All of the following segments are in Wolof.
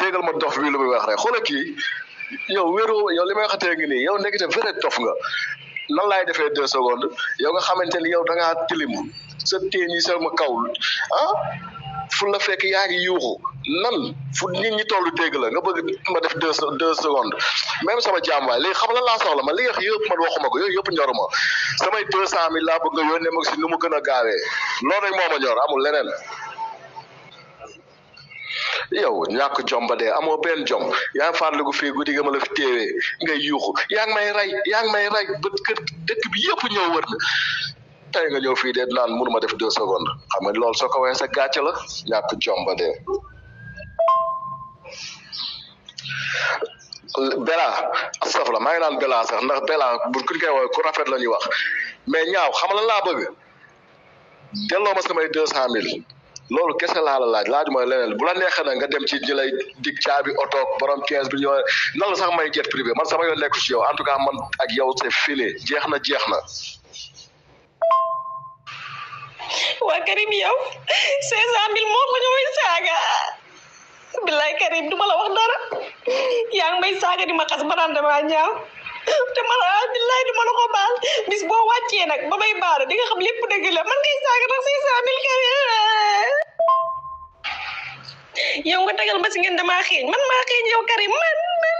déggal ma dof bi lu muy wax rek xoolal kii yow wéru yow li may waxatee ngi nii yow nekkite vrai dof nga nan laay defee deux secondes yow nga xamante ni yow dangaa ngaa tilim sa teen yi sama kaw ah fu la fekk yaa ngi yuuxu nan fu nit ñi tollu dégg la nga bëgg ma def deux deux secondes même sama jàmbaay léegi xam la laa soxla ma li nga yëpp man waxuma ko yooyu yëpp ñor ma samay deux cent mille laa bëgg nga yónnee ma si nu mu gën a gaawee loolu rek moo ma ñor amul leneen yow ñàkk jomba ba dee amoo benn jom yaa farligu fii guddi gama la fi téewee ngay yuuxu yaa ngi may rey yaa ngi may rey ba kër dëkk bi yëpp ñëw wër na tey nga ñëw fii de naan mënuma def deux secondes xam nga loolu soo ko waxee sa gàcce la ñàkk jom ba dee bela saf la maa ngi daan bela sax ndax bela bu kuñ koy woowee ku rafet la ñuy wax mais ñaaw xam la laa bëgg delloo ma samay deux cent mille loolu kese laa la laaj laajuma leneen bu la neexee na nga dem ci ñi lay dig caabi oto borom 15 millions nan la sax may jet privé man sama yoon nekku ci yow en tout cas ak yow c'est jeex na jeex na. waa Karim yow 500000 moo ko ñu may saaga billaay Karim du ma la wax dara yaa ngi may saaga di ma xas ba naan damaa ñaaw te man ah billaay du la ko baal boo wàccee nag ba may baal di nga xam lépp dëgg man ngay saaga nag yow nga tegal ma ci ngeen dama xéñ man ma xéñ yow Karim man man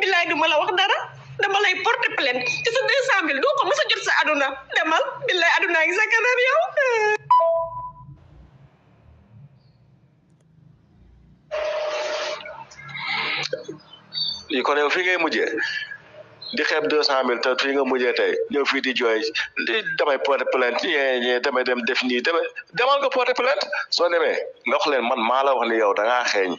billahi duma la wax dara dama lay porter plainte ci sa deux cent mille doo ko mos a jot sa aduna demal billahi aduna ngi sa kanam yow lii ko rew fi ngay mujjé ya? di xeeb deux cent mille te fii nga mujjee tey ñëw di jooy li damay porter plainte ñee damay dem def nii damay demal nga porter plainte soo demee nga wax leen man maa la wax ni yow xeeñ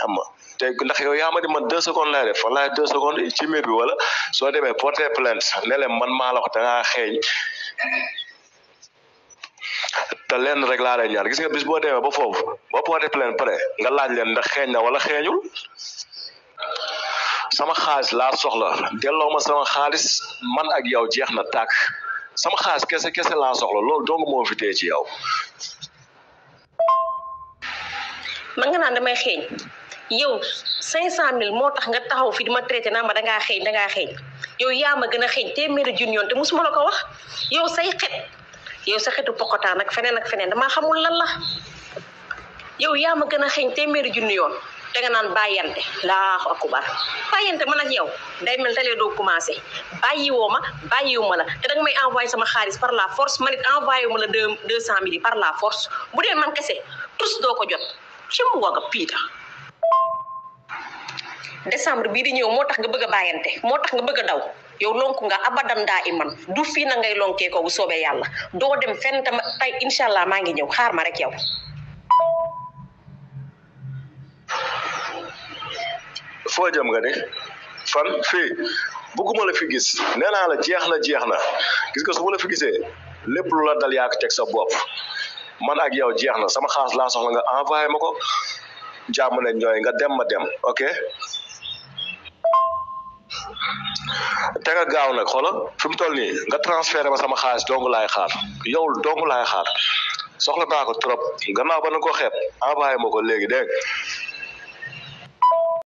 xam nga te ndax yow yaa ma di man deux secondes laay def fan laay deux secondes ci mbir bi wala soo demee porter plainte ne leen man maa la wax da ngaa xeeñ te leen rek laa leen ñaar gis nga bis boo demee ba foofu ba porter plainte pare nga laaj leen ndax xeeñ na wala xeeñul sama xaalis laa soxla delloo ma sama xaalis man ak yow jeex na tàkk sama xaalis kese kese laa soxla loolu dong moo fi tee ci yow. man nga naan damay xeeñ yow cinq cent mille moo tax nga taxaw fi di ma traité naa ma dangaa xeeñ dangaa xeeñ yow yaa ma gën a xeeñ téeméeri junni yoon te musuma la ko wax yow say xet yow sa xetu pokotaan ak feneen ak feneen damaa xamul lan la yow yaa ma gën a xeeñ téeméeri junni yoon. danga naan bàyyante laaxu akubar bàyyante man ak yow day mel talee doo commencé bàyyiwoo ma bàyyiwu ma la te danga may envoyé sama xaalis par la force man it envoyé wu ma la deux deux cent mille par la force bu dee man kese tous doo ko jot ci mu wag a piita décembre bii di ñëw moo tax nga bëgg a bàyyante moo tax nga bëgg a daw yow lonku nga abadan daa iman du fii na ngay lonkee ko bu soobee yàlla doo dem fenn tam tey incha allah maa ngi ñëw xaar ma rek yow foo jëm nga de fan fii bëgguma la fi gis nee naa la jeex na jeex na gis nga su ma la fi gisee lépp lu la dal yaa teg sa bopp man ak yow jeex na sama xaalis laa soxla nga envoyé ma ko jàmm ne ñooy nga dem ma dem ok te nga gaaw nag xoola fi mu toll nii nga transféré ma sama xaalis dong laay xaar yow dong laay xaar soxla naa ko trop gannaaw ba na ko xeeb envoyé ma ko léegi dégg